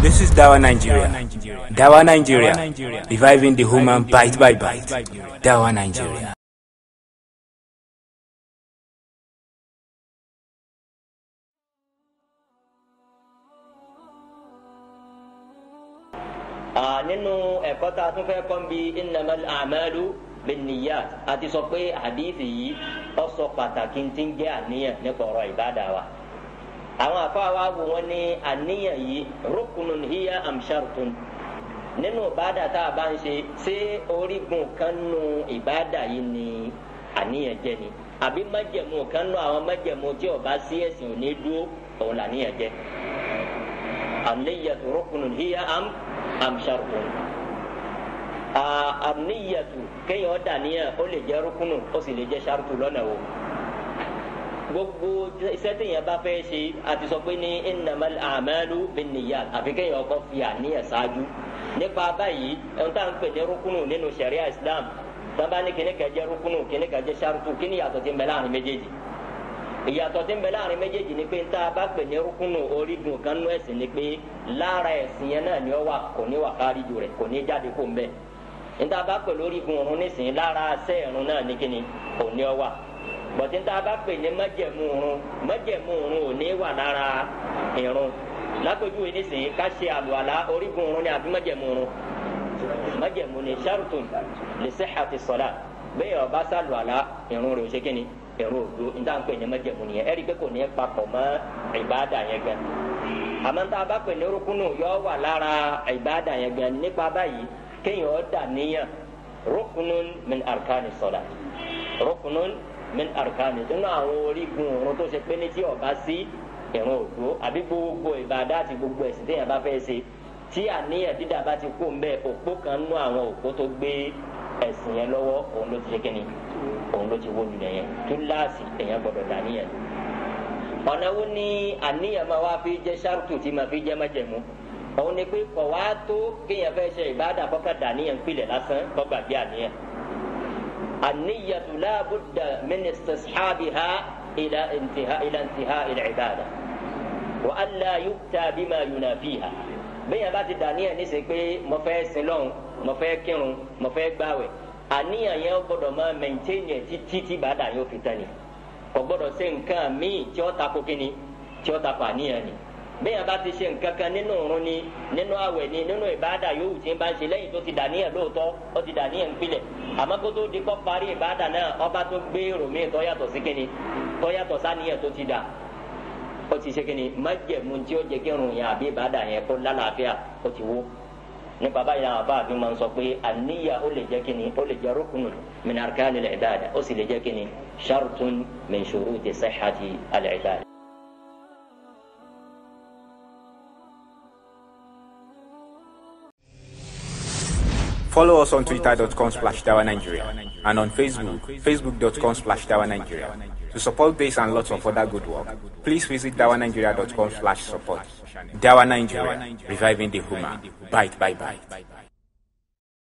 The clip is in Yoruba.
This is Dawa Nigeria. Dawa Nigeria. Reviving the human bite by bite. Dawa Nigeria. nínú ẹ̀kọ́ tá a tún fẹ́ kọ́ bí innamal a'malu binniyat a ti sọ pé hadisi yìí ó sọ pàtàkì ti ń jẹ́ àníyàn nípa ọ̀rọ̀ ìbádà wa àwọn àfáwá wo wọn ní àníyàn yìí rukunun hiya amshartun nínú ìbáàdà tá a bá ń ṣe ṣé orígun kan nu ìbáàdà yìí ni àníyàn jẹ ni àbí májẹ̀mú kan nu àwọn májẹ̀mú tí ó sí ẹ̀sìn ò dúró òun làníyàn jẹ àníyàtú rukunun hiya am amshartun àníyàtú kéèyàn dàníyàn ó lè jẹ rukunun ó sì lè jẹ shartu lọ́nà o gbogbo iṣẹ́ téèyàn bá fẹ́ ṣe àti sọ pé ní innamal a'malu binniyat àfi kéèyàn ọkọ fi àníyàn ṣáájú nípa báyìí ohun tá à ń pè ní rúkúnù nínú ṣẹ̀ríà islam tọ́ba ní kíní kan jẹ́ rúkúnù kíní kan jẹ́ ṣáàrùtù kíní ìyàtọ̀ tí ń bẹ láàrin méjèèjì ìyàtọ̀ tí ń bẹ láàrin méjèèjì ni pé ń tá bá pè ní rúkúnù orígun kan nú ẹ̀sìn ni pé lára ẹ̀sìn yẹn náà ni ó wà kò ní wà kárí ni kíni kò ní wà bọ̀tí tá a bá pè ní májẹ̀mú irun májẹ̀mú irun ò ní wà lára irun lápèjúwe nísìnyí ká ṣe àlùwàlá orígun irun ni àbí májẹ̀mú irun májẹ̀mú ni shartun li sihhati salat bẹ́ẹ̀ ọba sàlùwàlá irun rẹ̀ ò ṣe kíni ẹ̀rọ òdo níta ń pè ní májẹ̀mú nìyẹn ẹ̀rí pé kò ní papọ̀ mọ́ ìbáàdà yẹn gan àmọ́ tá a bá pè ní rúkúnù yọ wà lára ìbáàdà yẹn gan nípa báyìí kéèyàn ó dà níyàn rúkúnù min arkani salat rúkúnù min arkani nínú àwọn orígun òrun tó ṣe pé ní tí ọba sí ẹ̀rùn òdó àbí gbogbo ìbàdá àti gbogbo ẹ̀sìn téèyàn bá fẹ́ ṣe tí àníyàn dídà bá ti kó mbẹ́ òpó kan nú àwọn òpó tó gbé ẹ̀sìn yẹn lọ́wọ́ òun ló ti ṣe kíni òun ló ti wó lulẹ̀ yẹn túláàsì èèyàn gbọ́dọ̀ dàníyàn ọ̀nà wo ni àníyàn máa wá fi jẹ́ ṣáàtù tí máa fi jẹ́ májẹ̀mú òun ni pé kọ̀ wá tó kéèyàn fẹ́ ṣe ìbáàdà kọ́kà dàníyàn pilẹ̀ lásán kọ́gbàgbé àníyàn النية لا بد من استصحابها إلى انتهاء إلى انتهاء العبادة وألا يؤتى بما ينافيها bẹ́ẹ̀ bá ti dàníyàn ní sèpé mo fẹ́ sin lọ́hùn mo fẹ́ kírun mo fẹ́ gbàwẹ̀ àníyàn yẹn gbọ́dọ̀ máa mẹ̀ntẹ́nì ẹ̀ títí tí bàdà yóò fi tán ni kò gbọ́dọ̀ ṣe nǹkan míì tí ó tako kíni tí ó tako àníyàn ni bẹ́ẹ̀ bá ti ṣe nǹkan kan nínú òrun ni nínú àwẹ̀ ni nínú ìbáàdà yòówù tí ń bá ń ṣe lẹ́yìn tó ti dà níyàn lóòótọ́ ó ti dà níyàn ń pilẹ̀ àmọ́ kó tó di kọ́ parí ìbáàdà náà ọba tó gbé ròmí tó yàtọ̀ sí kíni tó yàtọ̀ sáníyàn tó ti dà ó ti ṣe kíni májẹ̀mú tí ó jẹ́ kí irun yẹn àbí ìbáàdà yẹn kó lálàáfíà ó ti wó ní baba yẹn àbá mi máa ń sọ pé àníyà ó lè jẹ́ kíni ó lè jẹ́ rúkùnù min arkanil ibada ó sì lè jẹ́ kíni shartun min shuruti sihhati al ibada. Follow us on twitter.com slash Tower Nigeria and on Facebook, facebook.com slash Tower Nigeria. To support this and lots of other good work, please visit dawanigeria.com slash support. Dawa Nigeria, reviving the human. Bite, bye, bye.